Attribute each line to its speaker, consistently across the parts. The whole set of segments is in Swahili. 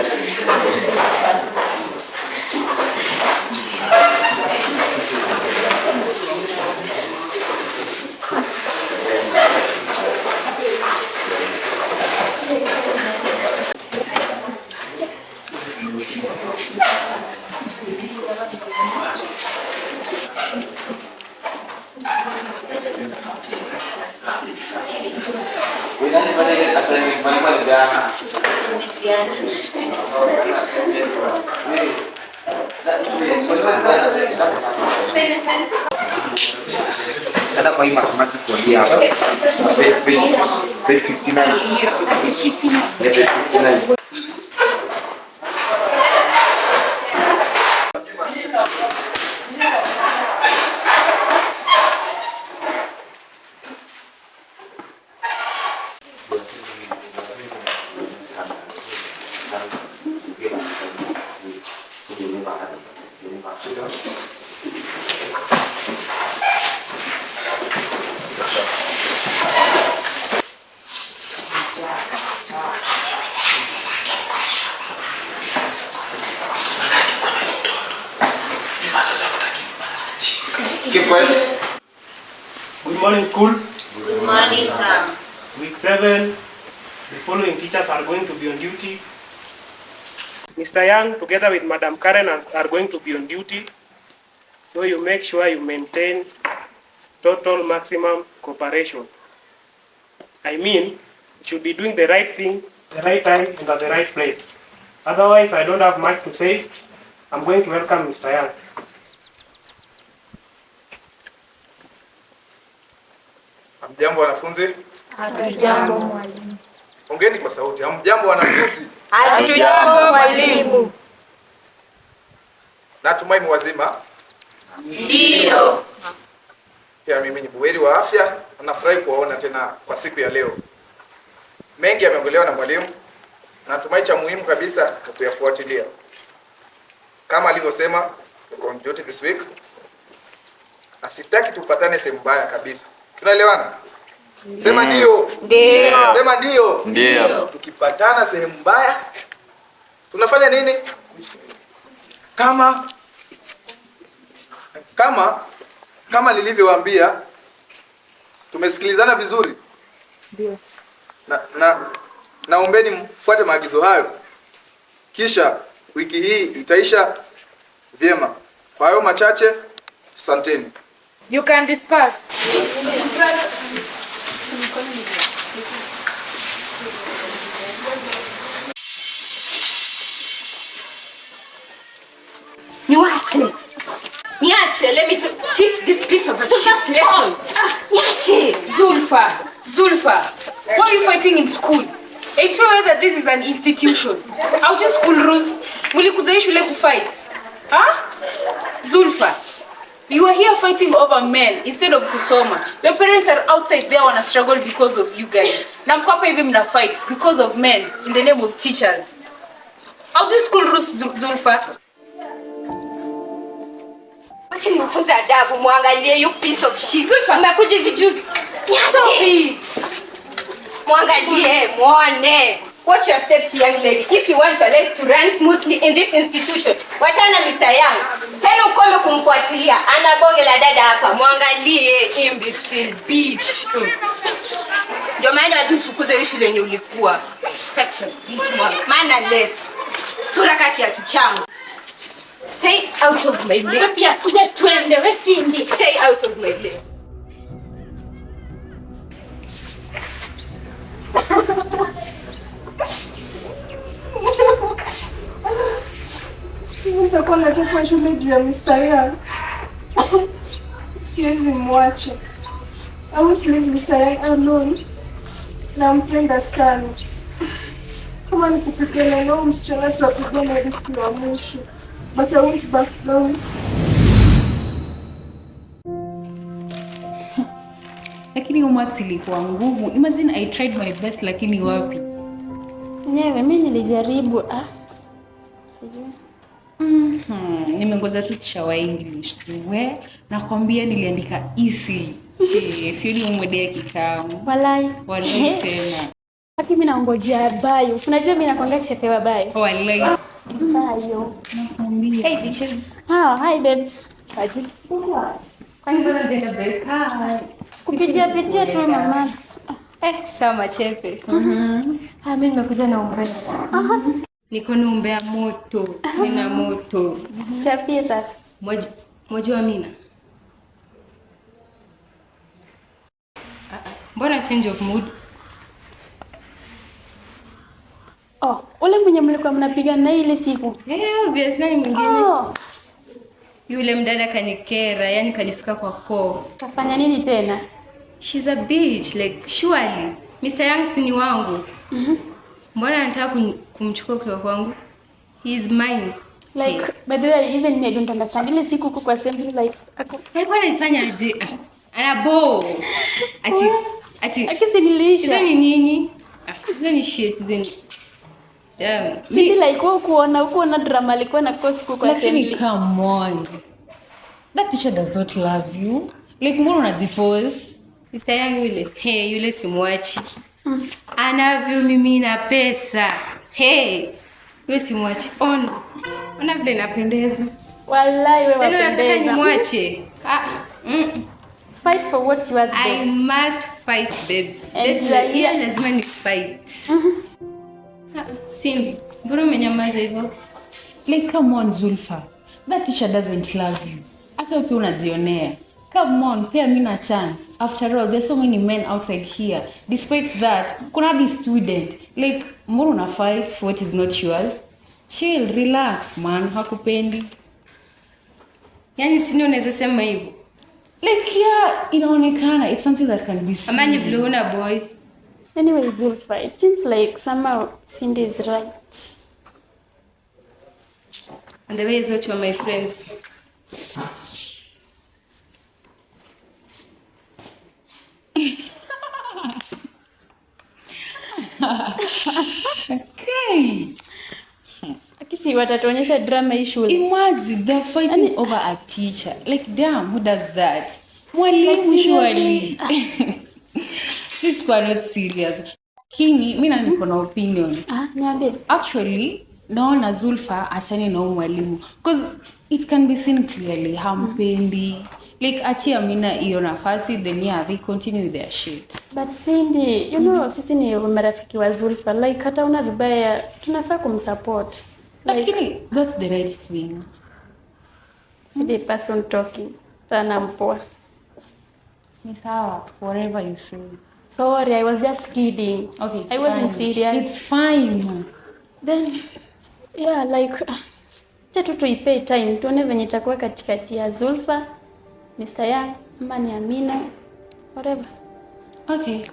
Speaker 1: Bukan daripada akademik mana-mana Yes. this is Ela vai marcar de polia. Page 59. 59. Good morning, school.
Speaker 2: Good morning, sir.
Speaker 1: Week 7. The following teachers are going to be on duty Mr. Young together with Madam Karen are, are going to be on duty. So you make sure you maintain total maximum cooperation. I mean, you should be doing the right thing, the right time, and at the right place. Otherwise, I don't have much to say. I'm going to welcome Mr. Young. Hamjambo wanafunzi?
Speaker 3: Hamjambo mwalimu.
Speaker 1: Ongeni kwa sauti. Hamjambo wanafunzi?
Speaker 3: Hatujambo mwalimu.
Speaker 1: Natumai mwazima.
Speaker 3: Ndio.
Speaker 1: Pia mimi ni buheri wa afya, nafurahi kuwaona tena kwa siku ya leo. Mengi yameongelewa na mwalimu, natumai cha muhimu kabisa ni kuyafuatilia kama alivyosema this week, Asitaki tupatane sehemu mbaya kabisa. Tunaelewana? Sema ndio. Ndio. Sema ndio. Ndio. Tukipatana sehemu mbaya tunafanya nini? Kama kama kama nilivyowaambia tumesikilizana vizuri. Ndio. Na na naombeni mfuate maagizo hayo. Kisha wiki hii itaisha vyema. Kwa hayo machache, asanteni.
Speaker 4: You can disperse.
Speaker 5: Miłacie! Miacie, let me teach this piece of a shit lesson. Ah, Miacie! Zulfa! Zulfa! Why are you fighting in school? It's true that this is an institution. Out of school rules, will you could fight? Huh? Ah? Zulfa! You are here fighting over men instead of kusoma. Your parents are outside there wana struggle because of you guys. Na mko hapa hivi mna fight because of men in the name of teachers. How do school rules Zulfa? Acha nifunze adabu muangalie you piece of shit. Zulfa umekuja hivi juzi. Stop it. Mwangalie, muone. Watch your steps young lady if you want your life to run smoothly in this institution. Wachana Mr. Young. Tena ukome kumfuatilia. Ana bonge la dada hapa. Mwangalie imbecile bitch. Ndio maana hadi mfukuze hiyo shule yenye ulikuwa. Such a bitch Maana less. Sura kaki ya changu. Stay out of my lane Pia kuja twende wewe sindi. Stay out of my lane
Speaker 6: nitakuwa nachapa shule juu ya yangu. siwezi mwache. I want to leave Mr. alone. Nampenda sana. Kama na nao msichana, tutapigana na siku ya mwisho. But I won't back down.
Speaker 7: Lakini umwats ilikuwa ngumu. Imagine I tried my best, lakini wapi?
Speaker 8: Nyewe Mimi nilijaribu ah.
Speaker 7: Sijui nimengoza tu tishawa english tu we nakwambia niliandika isi e okay, eh, sio niumwedea kikamu walai walai tena
Speaker 8: haki mimi naongojea bayo si unajua mimi nakwanga tishapewa bayo
Speaker 7: oh, walai bayo nakwambia hey bitches
Speaker 8: oh, ah, hi babes kaji
Speaker 9: kwani bora ndio beka
Speaker 8: kupitia pitia tu mama
Speaker 7: eh sama chepe mhm
Speaker 8: ah mimi nimekuja na aha
Speaker 7: niko niombea moto tena moto.
Speaker 8: Chapie sasa.
Speaker 7: Moja moja wa mina. Ah, ah. Mbona change of mood?
Speaker 8: Oh, ule mwenye mlikuwa mnapigana naye ile siku.
Speaker 7: Eh, obvious naye mwingine. Oh. Yule mdada kanikera, yani kanifika kwa koo.
Speaker 8: Kafanya nini tena?
Speaker 7: She's a bitch like surely. Mr. Young si ni wangu. Mhm. Mm Mbona anataka kumchukua kutoka kwangu. He is mine.
Speaker 8: Like, By the way, even me, I don't understand. Ile siku huko kwa assembly like ako.
Speaker 7: kwa anafanya aje? Ana bo. Ati
Speaker 8: ati akisi nilisha.
Speaker 7: Hizo ni nini? Ah, hizo ni shit zeni. Damn.
Speaker 8: Sisi like wewe kuona kuona drama alikuwa na course kwa
Speaker 7: assembly. Lakini come on. That teacher does not love you. Like mbona unajiforce? Mr. Yang yule. Hey, yule simwachi. Mm. Anavyo mimi na pesa. Hey, wewe simwache. Ona. Ona vile inapendeza.
Speaker 8: Wallahi wewe
Speaker 7: wapendeza. Tena nataka nimwache. Ah.
Speaker 8: Mm. Fight for what you yours, babes.
Speaker 7: I must fight, babes. Ila lazima ni fight.
Speaker 8: Cindy, mhm. ah, mbona umenyamaza hivyo?
Speaker 7: Like, come on, Zulfa. That teacher doesn't love you. Hata ukiwa unajionea come on pay me a chance after all there's so many men outside here despite that kuna di student like more on a fight for what is not yours chill relax man hakupendi
Speaker 8: yani sini unaweza sema hivyo
Speaker 7: like yeah inaonekana it's something that can be seen. amani vile una boy
Speaker 8: anyways we'll fight seems like somehow cindy is right
Speaker 7: and the way i thought you were my friends
Speaker 8: watatuonyesha drama hii shule.
Speaker 7: Imagine they're fighting and, over a teacher. Like damn, who does that? Mwalimu like, surely. These people not serious. Kini, mimi na niko na opinion.
Speaker 8: Ah, niambie.
Speaker 7: Actually, naona Zulfa achane na huyu mwalimu because it can be seen clearly hampendi. Mm. Like achia Mina hiyo nafasi then yeah, they continue with their shit.
Speaker 8: But Cindy, you know mm. sisi ni marafiki wa Zulfa. Like hata una vibaya tunafaa kumsupport
Speaker 7: lakini that's the right thing.
Speaker 8: the person talking. Sana mpoa.
Speaker 7: Ni sawa, whatever you say.
Speaker 8: Sorry, I was just kidding. Okay, I wasn't serious.
Speaker 7: It's fine.
Speaker 8: Then, yeah, like, time, tuone venye itakuwa katikati ya Zulfa, Mr. ama ni Amina, whatever.
Speaker 7: Okay,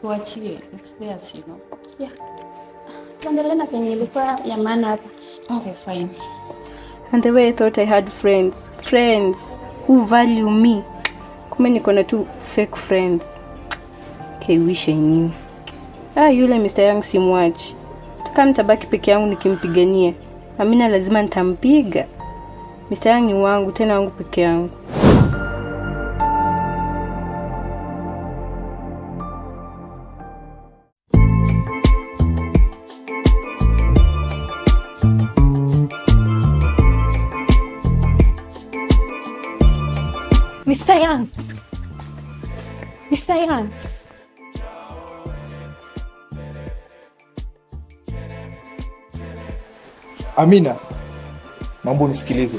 Speaker 7: tuachie. It's theirs, you know.
Speaker 8: Yeah. Tuendelee na kenye ilikuwa ya maana hapa.
Speaker 7: Okay, fine. And the way I thought I had friends, friends who value me. Kumbe niko na tu fake friends. Okay, wish I knew. Ah, yule Mr. Young simwachi. Taka nitabaki peke yangu nikimpigania. Amina lazima nitampiga. Mr. Young ni wangu tena wangu peke yangu. Mr. Young. Mr. Young.
Speaker 10: Amina, mambo nisikilize.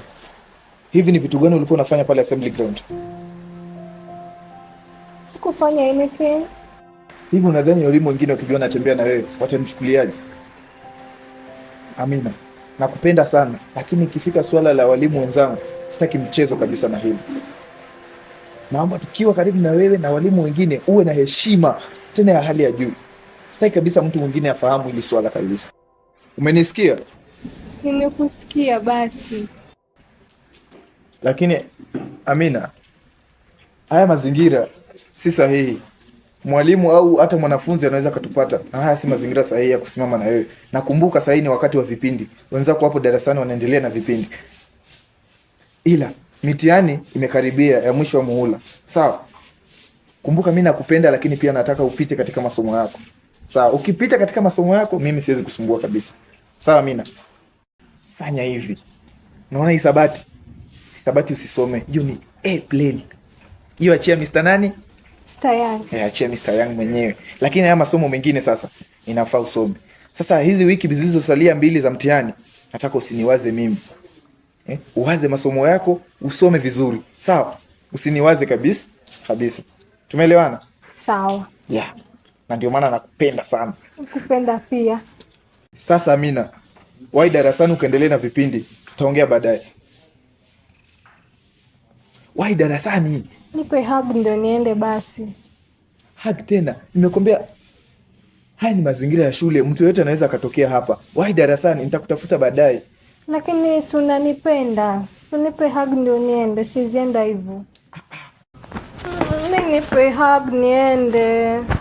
Speaker 10: Hivi ni vitu gani ulikuwa unafanya pale assembly ground?
Speaker 11: Sikufanya anything.
Speaker 10: Hivi unadhani walimu wengine wakijua natembea na wewe watanichukuliaje? Amina, nakupenda sana, lakini ikifika suala la walimu wenzangu sitaki mchezo kabisa na hili. Naomba tukiwa karibu na wewe na walimu wengine, uwe na heshima tena ya hali ya juu. Sitaki kabisa mtu mwingine afahamu hili swala kabisa. Umenisikia?
Speaker 11: Nimekusikia. Basi
Speaker 10: lakini Amina, haya mazingira si sahihi. Mwalimu au hata mwanafunzi anaweza akatupata, na haya si mazingira sahihi ya kusimama na wewe. Nakumbuka sahii ni wakati wa vipindi, wenzako hapo darasani wanaendelea na vipindi, ila Mitihani imekaribia ya mwisho wa muhula. Sawa? Kumbuka mimi nakupenda lakini pia nataka upite katika masomo yako. Sawa, ukipita katika masomo yako mimi siwezi kusumbua kabisa. Sawa Mina. Fanya hivi. Naona hisabati. Hisabati usisome. Hiyo ni A plain. Hiyo achia Mr. nani? Mr. Eh, achia Mr. Yang mwenyewe. Lakini haya masomo mengine sasa inafaa usome. Sasa hizi wiki zilizosalia mbili za mtihani nataka usiniwaze mimi eh, uwaze masomo yako, usome vizuri sawa, usiniwaze kabisa kabisa. Tumeelewana sawa? Yeah, na ndio maana nakupenda sana.
Speaker 11: Nakupenda pia.
Speaker 10: Sasa Amina, wai darasani ukaendelee na vipindi, tutaongea baadaye. Wai darasani.
Speaker 11: Nipe hug ndio niende basi.
Speaker 10: Hug tena? Nimekwambia haya ni mazingira ya shule, mtu yoyote anaweza akatokea hapa. Wai darasani, nitakutafuta baadaye.
Speaker 11: Lakini sunanipenda, sunipe hug ndio niende, sizienda hivyo. Ah, ah. Mi nipe hug niende.